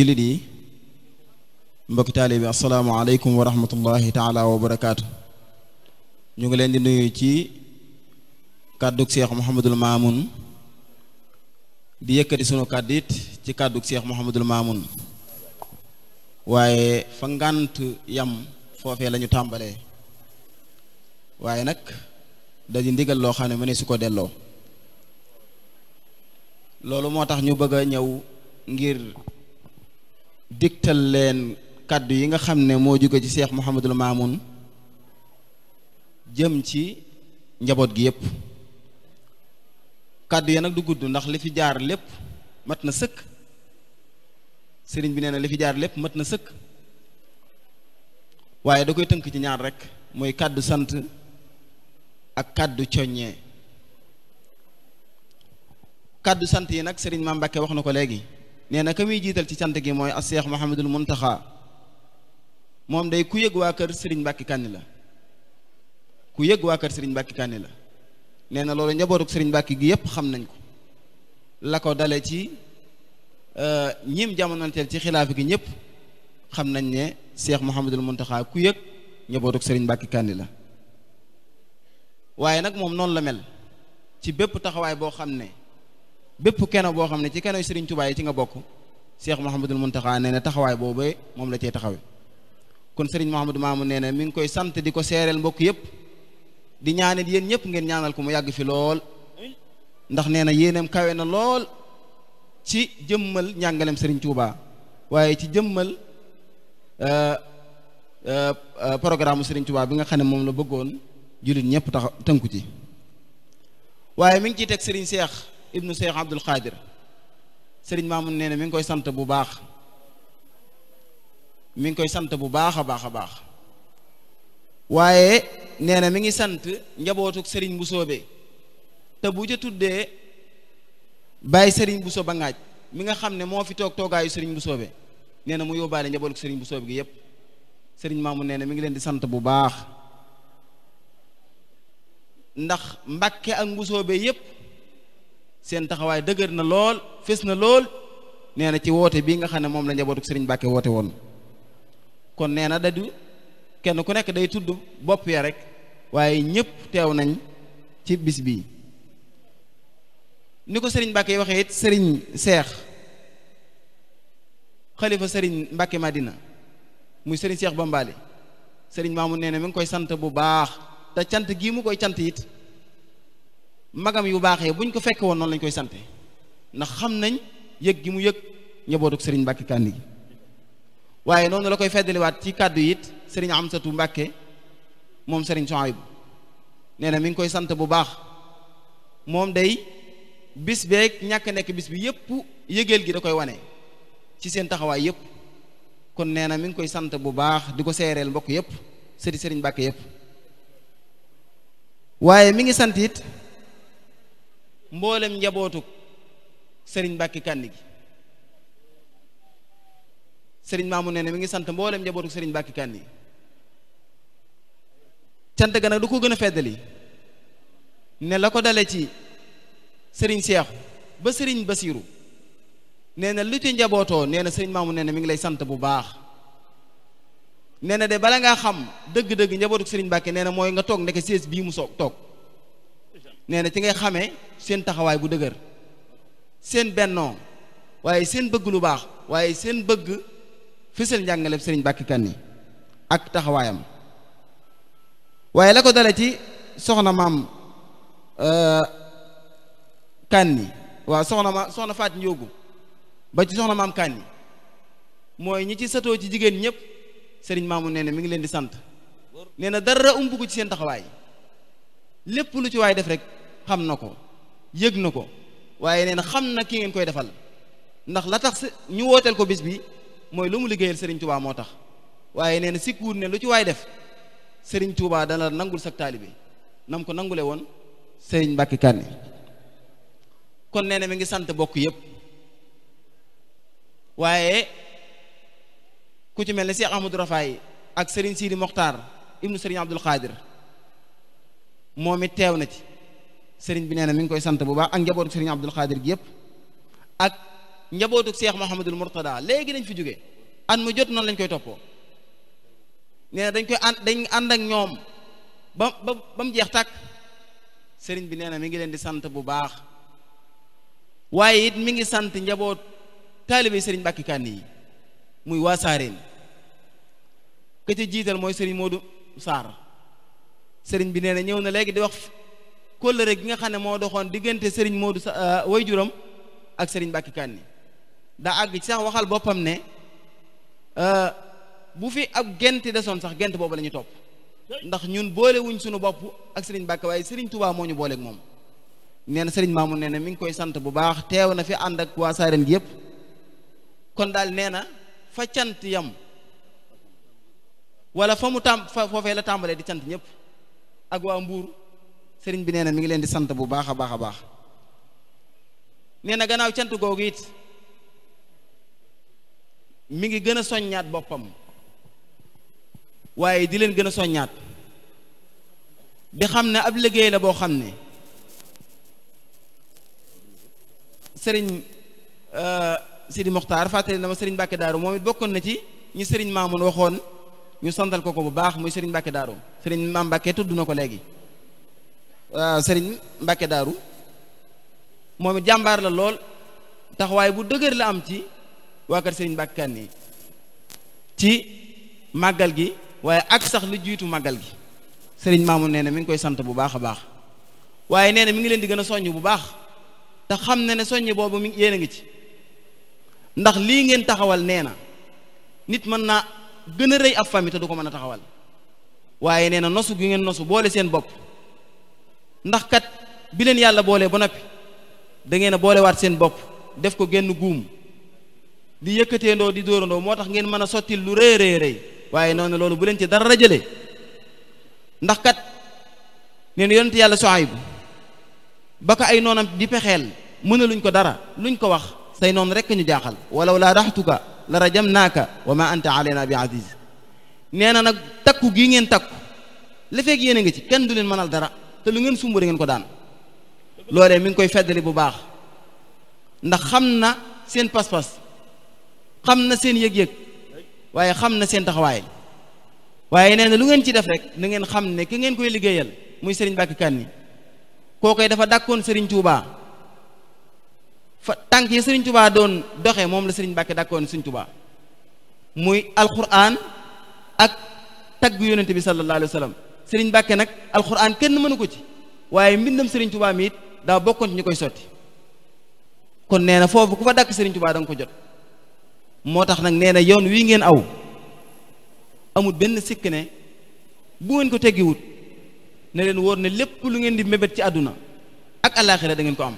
jullit yi mbokki taalibe bi asalaamaaleykum wa rahmatullahi taala ñu ngi leen di nuyu ci kàddug seex Muhammadul Maamun di yëkkati sunu kàddu ci kàddug seex Muhammadul Maamun waaye fa ngànt yam foofee lañu ñu tàmbalee waaye nag da di ndigal loo xam ne mëne su ko delloo loolu moo tax ñu bëgg a ñëw ngir digtal leen kàddu yi nga xam ne moo jóge ci Cheikh Mouhamadul Maamoun jëm ci njaboot gi yépp kàddu ya nag du gudd ndax li fi jaar lépp mat na sëkk sëriñ bi nee na li fi jaar lépp mat na sëkk waaye da koy tënk ci ñaar rek mooy kàddu sant ak kàddu coññee kàddu sant yi nag sëriñ Maam Mbàkke wax na ko léegi nee na ka muy jiital ci cant gi mooy as-Seex Muhammadul Muntaxa moom day ku yëg waa kër sëriñ Mbàkke Kanni la ku yëg waa kër Serigne Kanni la nee na loolu njabootuk sëriñ Mbàkke gi yépp xam nañ ko la ko dale ci euh, ñim jamonoonteel ci xilaafa gi ñëpp xam nañ ne Seex Muhammadul Muntaxa ku yëg njabootuk sëriñ Mbàkke Kanni la waaye nag moom noonu la mel ci bépp taxawaay boo xam ne bépp keno boo xam ne ci kenoy Serigne Touba yi ci nga bokk Cheikh Mouhamadul Mountakha nee na taxawaay boobee moom la cee taxawee kon Serigne Mouhamadou Mamoun nee na mi ngi koy sant di ko seereel mbokk yëpp di ñaanal yéen ñëpp ngeen ñaanal ko mu yàgg fi lool ndax nee na yéenam kawe na lool ci jëmmal njàngalem sëriñ Touba waaye ci jëmmal euh, euh, euh, programme Serigne Touba bi nga xam ne moom la bëggoon jullit ñëpp tax tënku ci waaye mu ngi ciy teg Serigne Cheikh. ibnu Cheikh Abdoul Khadir Serigne Mamoun nee na mi ngi koy sant bu baax mi ngi koy sant bu baax a baax a baax waaye nee na mi ngi sant njabootuk Serigne Mboussobé te bu ca tuddee bàyyi sëriñ Bousso ba ngaaj mi nga xam ne moo fi toog toogaayu Serigne Mboussobé nee na mu yóbbaale njabootuk Serigne Mboussobé gi yépp Serigne Mamoun nee na mi ngi leen di sant bu baax ndax Mbàkke ak Mboussobé yépp seen taxawaay dëgër na lool fés na lool nee na ci woote bii nga xam ne moom la njabootu sëriñ Mbàkke woote woon kon nee na da kenn ku nekk day tudd bopp ya rek waaye ñëpp teew nañ ci bis bii ni ko sëriñ Mbàkke yi waxee it sëriñ seex xalifa sëriñ Mbàkke Madina muy sëriñ seex Bambaali sëriñ Maamu nee na mi ngi koy sant bu baax te cant gii mu koy cant it magam yu baaxee buñ ko fekke woon noonu lañ koy sante ndax xam nañ yëg gi mu yëg njabootuk sëriñ Mbàkke Kandi gi waaye noonu la koy feddaliwaat ci kàddu yi it sëriñ Amsatu Mbàkke moom sëriñ Sohaybu nee na mi ngi koy sant bu baax moom day bis beeg ñàkk nekk bis bi yëpp yëgeel gi da koy wane ci seen taxawaay yëpp kon nee na mi ngi koy sant bu baax di ko seereel mbokk yëpp sëriñ sëriñ Mbàkke yëpp waaye mi ngi sant it mboolem njabootuk sëriñ Mbàkke Kànni gi sëriñ Maamu nee na mi ngi sant mboolem njabootuk sëriñ Mbàkke Kànni cant ga nag du ko gën a feddali ne la ko dale ci sëriñ Seexu ba sëriñ Basiiru nee na lu ci njabootoo nee na sëriñ Maamu nee na mi ngi lay sant bu baax nee na de bala ngaa xam dëgg-dëgg njabootu sëriñ Mbàkke nee na mooy nga toog ndeke siis bii mu soog toog nee na ci ngay xamee seen taxawaay bu dëgër seen bennoo waaye seen bëgg lu baax waaye seen bëgg fësal njàngaleeb sëriñ Mbàkke Kanni ak taxawaayam waaye la ko dale ci soxna maam euh, Kanni waaw soxna ma soxna Faat Njóogu ba ci soxna maam Kanni mooy ñi ci satoo ci jigéen ñëpp sëriñ maamu nee na mi ngi leen di sant nee na dara umbugu ci seen taxawaay lépp lu ci waay def rek xam na ko yëg na ko waaye nee na xam na kii ngeen koy defal ndax la tax ñu wooteel ko bis bi mooy lu mu liggéeyal sëriñ Touba moo tax waaye nee si sikkuut ne lu ci waay def sëriñ tuubaa dana nangul sag taalibe nam ko nangule woon Serigne Mbacke Kane kon nee na mi ngi sant bokk yépp waaye ku ci mel ne Cheikh Ahmadou Rafaay ak Serigne Sidi Mokhtar ibnu Serigne Abdoul Khadir moom it teew na ci sëriñ bi nee na mi ngi koy sant bu baax ak njabootu sëriñ Abdul Xaadir gi yëpp njabootu Seex Muhammadul Murtada léegi dañ fi jógee at mu jot noonu lañ koy toppoo nee dañ koy ànd dañ ànd ak ñoom ba jeex tàkk sëriñ bi nee na mi ngi leen di sant bu baax waaye it mi ngi sant njaboot taalibe sëriñ Mbàkke Kanni yi muy waa Saareen ka ca jiital mooy sëriñ Moodu Saar sëriñ bi nee na ñëw na léegi di wax kóllëre gi nga xam ne moo doxoon diggante sëriñ moo du sa euh, way juram ak sëriñ Mbàkke Kanni daa àgg ci sax waxal boppam ne euh, bu fi ab gent desoon sax gent boobu la ñu topp ndax ñun boolewuñ sunu bopp ak sëriñ Mbàkke waaye sëriñ Touba moo ñu booleek moom nee na sëriñ Mamoun nee na mi ngi koy sant bu baax teew na fi ànd ak waa saaren gi yëpp kon daal nee na fa cant yam wala fa mu tàm fa foofee la tàmbalee di cant ñëpp ak waa Mbuur sëriñ bi nee na mi ngi leen di sant bu baax a baax a baax nee na gannaaw cant googu it mi ngi gën a soññaat boppam waaye di leen gën a soññaat di xam ne ab liggéey la boo xam ne sëriñ euh, Sidi Moxtaar fàttali na ma sëriñ Mbàkke Daaru moom it bokkoon na ci ñi sëriñ Maamun waxoon ñu santal ko ko bu baax muy Serigne Mbacke Darou Serigne Mame Mbacke tudd na ko léegi waaw Serigne Mbacke Darou moom it jàmbaar la lool taxawaay bu dëgër la am ci waa kër Serigne Mbacke ci màggal gi waaye ak sax lu jiitu màggal gi Serigne Mamoun nee na mi ngi koy sant bu baax a baax waaye nee na mi ngi leen di gën a soññ bu baax te xam na ne soññ boobu mi yéen a ngi ci ndax lii ngeen taxawal nee na nit mën naa. gën a rëy ab famille te du ko mën a taxawal waaye nee na nosu gi ngeen nosu boole seen bopp ndax kat bi leen yàlla boolee ba noppi da ngeen a boolewaat seen bopp def ko genn guum di yëkkateendoo di dóorandoo moo tax ngeen mën a sottil lu rëy rëy rëy waaye na loolu bu leen ci dara jëlee ndax kat nee na yonent yàlla Suayb ba ko ay noonam di pexeel mënaluñ ko dara luñ ko wax say noon rekk ñu jaaxal walaw laa raxtuka lara la rajamnaaka wa ma anta alayna bi aziz nee na nag takku gii ngeen takku la fekk yéen ngi nga ci kenn du leen mënal dara te lu ngeen sumbu ngeen ko daan loolee mi ngi koy feddali bu baax ndax xam na seen pas xam na seen yëg-yëg waaye xam na seen taxawaay waaye nee na lu ngeen ci def rek na ngeen xam ne ki ngeen koy liggéeyal muy sëriñ Bakki Kanni koo koy dafa dàkkoon Serigne Touba. fa tànk yi sëriñ tubaa doon doxee moom la sëriñ Mbàkke dàkkoon sëriñ tubaa muy alquran ak tagg yonente bi sallallahu alayhi wa sallam sëriñ Mbàkke nag alquran kenn mënu ko ci waaye mbindam sëriñ tubaa mi it daa bokkoon ci ñu koy sotti kon nee na foofu ku fa dàkk sëriñ tubaa da nga ko jot moo tax nag nee na yoon wii ngeen aw amul benn sikk ne bu ngeen ko teggiwut ne leen wóor ne lépp lu ngeen di mébét ci àdduna ak àllaaxira da ngeen ko am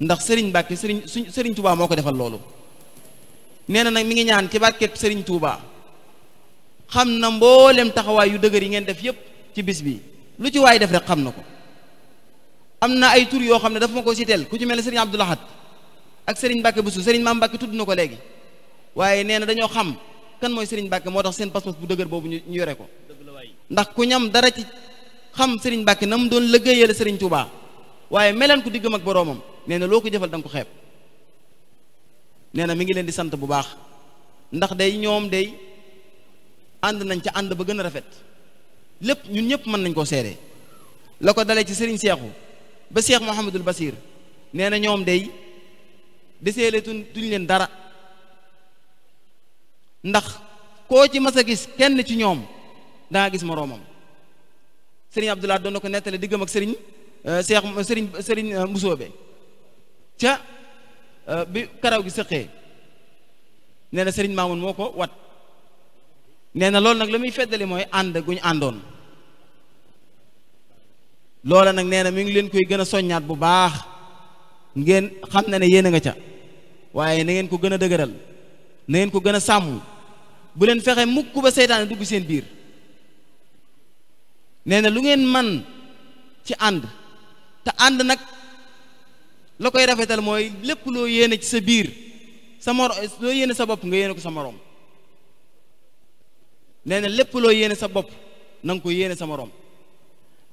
ndax sëriñ Mbàkke sëriñ suñ sëriñ Touba moo ko defal loolu nee na nag mi ngi ñaan ci barkeb sëriñ tuubaa xam na mboolem taxawaay yu dëgër yi ngeen def yépp ci bis bi lu ci waay def rek xam na ko am na ay tur yoo xam ne dafa ma ko siteel ku ci mel ne sëriñ Abdou Lahad ak sëriñ Mbàkke Bousso sëriñ Maam Mbàkke tudd na ko léegi waaye nee na dañoo xam kan mooy sëriñ Mbàkke moo tax seen pas-pas bu dëgër boobu ñu ñu yore ko ndax ku ñam dara ci xam sëriñ Mbàkke na mu doon liggéeyal sëriñ Touba waaye meleen ku diggam ak boroomam nee na loo koy defal da nga ko xeeb nee na mi ngi leen di sant bu baax ndax day ñoom day ànd nañ ca ànd ba gën a rafet lépp ñun ñëpp mën nañ koo seere la ko dalee ci sëriñ seexu ba seex Muhammadul Basir nee na ñoom day deseele tuñ tuñ leen dara ndax koo ci mas a gis kenn ci ñoom danga gis moroomam sëriñ Abdoulaye doon na ko nettale diggam ak sëriñ seex sëriñ sëriñ Mbusoobe ca euh, bi karaw gi sëqee nee na sëriñ Maamun moo ko wat nee na loolu nag la muy feddali mooy ànd guñ àndoon loola nag nee na mi ngi leen koy gën a soññaat bu baax ngeen xam na ne yéen a nga ca waaye na ngeen ko gën a dëgëral na ngeen ko gën a sàmm bu leen fexe mukk ba seytaane dugg seen biir nee na lu ngeen man ci ànd te ànd nag loo koy rafetal mooy lépp loo yéene ci sa biir sa moro loo yéene sa bopp nga yéene ko sa moroom nee na lépp loo yéene sa bopp nanga ko yéene sa moroom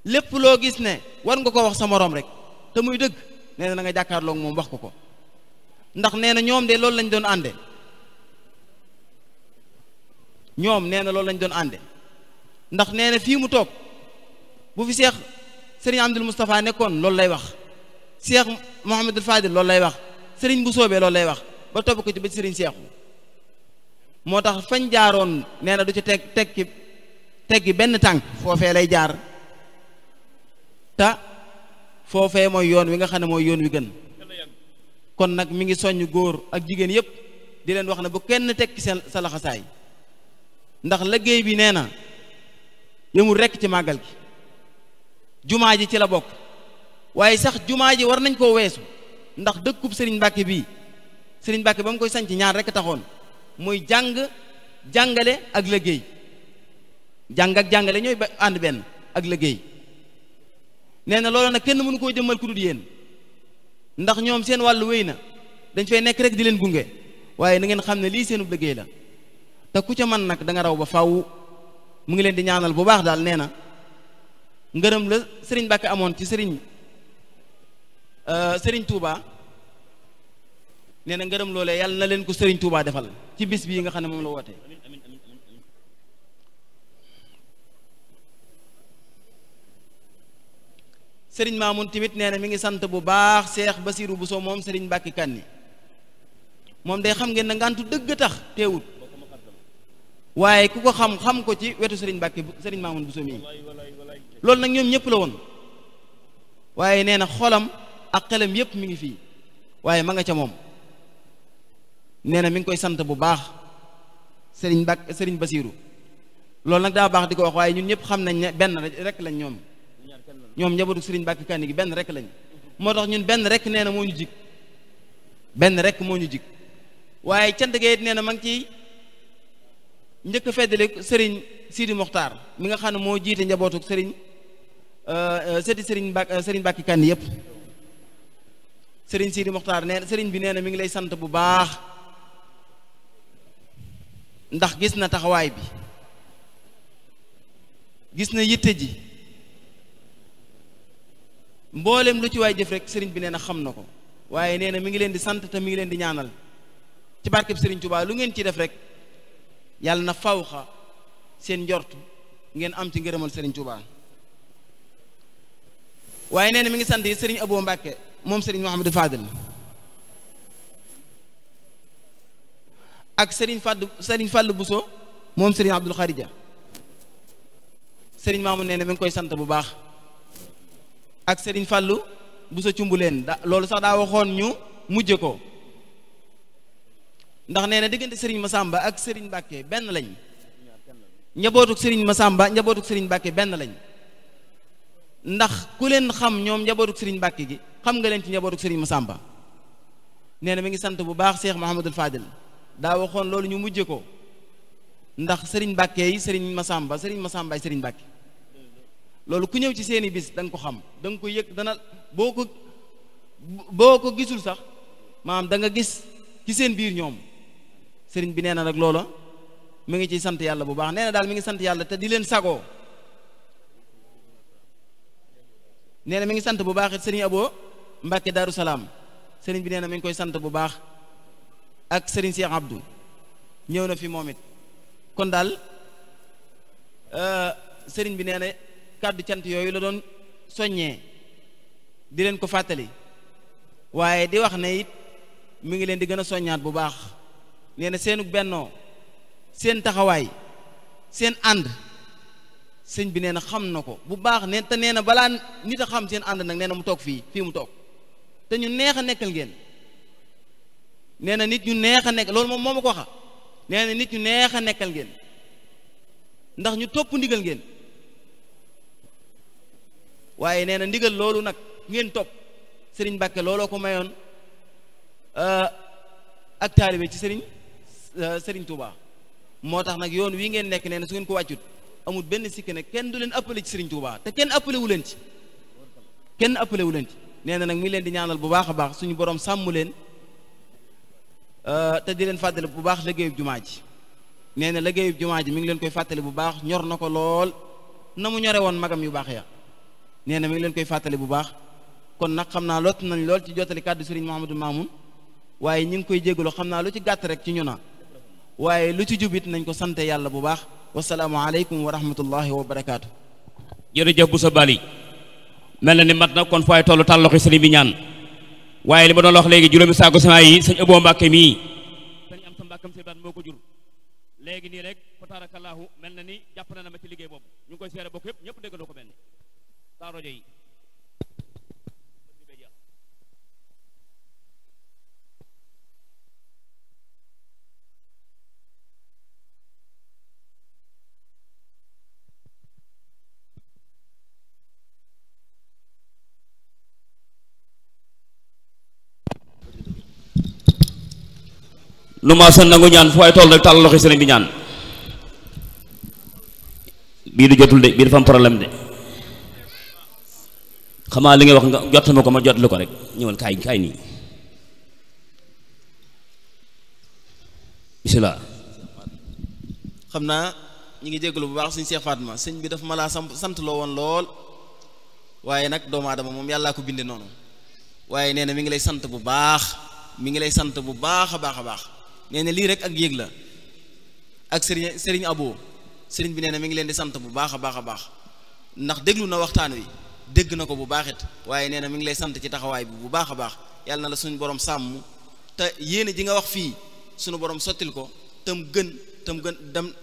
lépp loo gis ne war nga ko wax sa moroom rek te muy dëgg nee na na nga moom wax ko ko ndax nee na ñoom de loolu lañ doon ànde ñoom nee na loolu lañ doon ànde ndax nee fii mu toog bu fi seex sëriñ Amdul Moustapha nekkoon loolu lay wax Cheikh Mouhamadul Fadil loolu lay wax sëriñ bu soobee loolu lay wax ba topp ko ci ba sëriñ Cheikh moo tax fañ jaaroon nee na du ci teg tekki tekki benn tànk foofee lay jaar te foofee mooy yoon wi nga xam ne mooy yoon wi gën kon nag mi ngi soññ góor ak jigéen yépp di leen wax ne bu kenn tekki seen sa laxasaay ndax liggéey bi nee na yëmul rekk ci màggal gi jumaa ji ci la bokk waaye sax jumaa ji war nañ koo weesu ndax dëkkub sëriñ Mbàkke bii sëriñ Mbàkke ba mu koy sanc ñaar rekk taxoon mooy jàng jàngale ak liggéey jàng ak jàngale ñooy ànd benn ak liggéey nee na loolu nag kenn mënu koo jëmmal ku dul ndax ñoom seen wàllu wéy na dañ fay nekk rek di leen gunge waaye na ngeen xam ne lii seenub liggéey la te ku ca man nag danga raw ba faaw mu ngi leen di ñaanal bu baax daal nee na ngërëm la sëriñ Mbàkke amoon ci sëriñ Euh, Serigne Touba nee na ngërëm loole yàlla na leen ko Serigne Touba defal ci bis bii nga xam ne moom la woote Serigne Mamoun tamit nee na mi ngi sant bu baax Seex Basiiru Buso moom Serigne Mbàkke Kanni moom day xam ngeen na ngantu dëgg tax teewut waaye ku ko xam xam ko ci wetu Serigne Mbàkke Serigne Mamoun Buso mii loolu nag ñoom ñëpp la woon waaye nee xolam. ak xelam yépp mi ngi fii waaye ma nga ca moom nee na mi ngi koy sant bu baax sëriñ Bak sëriñ Basiiru loolu nag daa baax di ko wax waaye ñun ñëpp xam nañ ne benn rek lañ ñoom ñoom njabootu sëriñ Bàkki kàndi gi benn rek lañ moo tax ñun benn rek nee na moo ñu jig benn rek moo ñu jikk waaye cant gi it nee na ma ngi ciy njëkk a sëriñ Sidi Mokhtar mi nga xam ne moo jiite njabootu sëriñ sëti sëriñ Bàkki Kanni yëpp sëriñ Sidi Mokhtar nee sëriñ bi nee na mi ngi lay sant bu baax ndax gis na taxawaay bi gis na yitte ji mboolem lu ci waay jëf rek sëriñ bi nee na xam na ko waaye nee na mi ngi leen di sant te mi ngi leen di ñaanal ci barkeb sëriñ Touba lu ngeen ci def rek yàlla na fawxa seen njortu ngeen am ci ngërëmal sëriñ Touba waaye nee na ngi sant yi sëriñ Abo Mbàkke moom Serigne Mouhamadou Fadel ak Serigne Fadou Serigne Fallou Bousso moom Serigne Abdoul Kharija Serigne Mamoun nee na ngi koy sant bu baax ak Serigne Fallou Bousso Cumbuleen loolu sax daa waxoon ñu mujje ko ndax nee na diggante Serigne Massamba ak Serigne Mbacke benn lañ njabootuk Serigne Massamba njabootuk Serigne Mbacke benn lañ. ndax ku leen xam ñoom njabootu sëriñ Mbàkke gi xam nga leen ci njabootu sëriñ Masamba nee na mi ngi sant bu baax seex Cheikh Mouhamadul Fadil daa waxoon loolu ñu mujje ko ndax sëriñ Mbàkke yi sëriñ Masamba sëriñ Masamba ay sëriñ Mbàkke loolu ku ñëw ci seeni bis danga ko xam danga ko yëg dana boo ko boo ko gisul sax maanaam danga gis ci seen biir ñoom sëriñ bi nee na nag loola mi ngi ci sant yàlla bu baax nee daal mi ngi sant yàlla te di leen sagoo nee mi ngi sant bu baax it sëriñ Abo Mbàkke Daaru Salaam sëriñ bi nee na mi ngi koy sant bu baax ak sëriñ Cheikh Abdou ñëw na fi moom it kon daal euh, sëriñ bi nee na kàddu cant yooyu la doon soññee di leen ko fàttali waaye di wax ne it mu ngi leen di gën a soññaat bu baax nee seenu bennoo seen taxawaay seen ànd sëñ bi nee na xam na ko bu baax ne te nee na balaa nit a xam seen ànd nag nee mu toog fii fii mu toog te ñu neex a nekkal ngeen nee na nit ñu neex a nekk loolu moom moo ko waxa nee na nit ñu neex a nekkal ngeen ndax ñu topp ndigal ngeen waaye nee na ndigal loolu nag ngeen topp sëriñ Mbàkke looloo ko mayoon euh, ak taalibe ci sëriñ euh, sëriñ Touba moo tax nag yoon wii ngeen nekk nee su ngeen ko wàccut amul benn sikki ne kenn du leen appelé ci Serigne Touba te kenn appelé wu leen ci kenn appelé leen ci nee na nag mi leen di ñaanal bu baax a baax suñu borom sàmm leen euh, te di leen fàttali bu baax liggéeyub jumaa ji nee na liggéeyub jumaa ji mi ngi leen koy fàttali bu baax ñor na ko lool na mu ñore woon magam yu baax ya nee na mi ngi leen koy fàttali bu baax kon nag xam naa lott nañ lool ci jottali kàddu Serigne Mouhamadou Mamoun waaye ñu ngi koy jégalu xam naa lu ci gàtt rek ci ñu yàlla bu baax wasalaamualeykum wa rahmatullahi wa barakaatu. jërëjëf bu sa bali mel na ni mat na kon fooy tollu tàlloxi sëriñ bi ñaan waaye li ma doon wax léegi juróomi saako sama yi sëñ Abo Mbàkke mii sëñ am sa mbàkkam si baat moo ko jur léegi nii rek fa taarakallahu mel na ni jàpp na na ma ci liggéey boobu ñu ngi koy seere bokk yëpp ñëpp dégg ko mel ni saa rajo yi lu ma sa nangu ñaan fu ay toll rek tàll loxo sëriñ bi ñaan bii du jotul de bii dafa am problème de xamaa li nga wax nga jot ma ko ma jot lu ko rek ñëwal kaay kaay nii bismillah xam naa ñu ngi jégalu bu baax suñ Cheikh Fatma sëñ bi daf ma laa samp sant loo woon lool waaye nag doomu aadama moom yàllaa ko binde noonu waaye nee na mi ngi lay sant bu baax mu ngi lay sant bu baax a baax a baax nee na lii rek ak yéeg la ak sëriñ sëriñ abo sëriñ bi nee na mi ngi leen di sant bu baax a baax a baax ndax déglu na waxtaan wi dégg na ko bu baaxit waaye nee na mi ngi lay sant ci taxawaay bi bu baax a baax yàlla na la suñu borom sàmm te yéene ji nga wax fii suñu borom sottil ko tam gën tam gën dam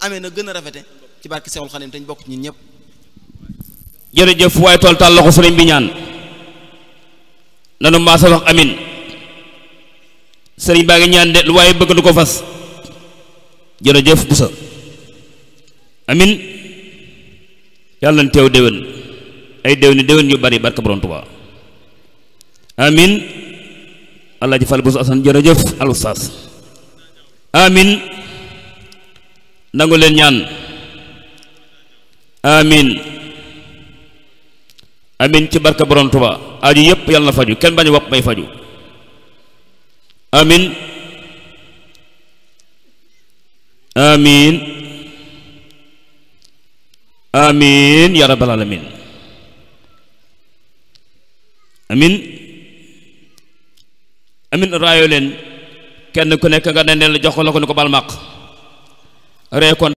amee na gën a rafete ci barke Seexul Xadim tañ bokk ñun ñëpp jërëjëf waaye tool tàll la ko sëriñ bi ñaan nanu maasa wax amin sëriñ baa ngi ñaan de lu waaye bëgg du ko fas jërëjëf bu sa amin yàlla na teew déwén ay déwéni déwén yu bari barka borom Tuubaa amin allah ji fal bu sa asan jërëjëf al ustaas amin nangu leen ñaan amin amin ci barka borom Tuubaa aju yëpp yàlla na faju kenn bañ a may faju amin amin amin ya rabbal alamin amin amin kenn ku nekk nga ne leen jox la ko ni ko bal maq reekoon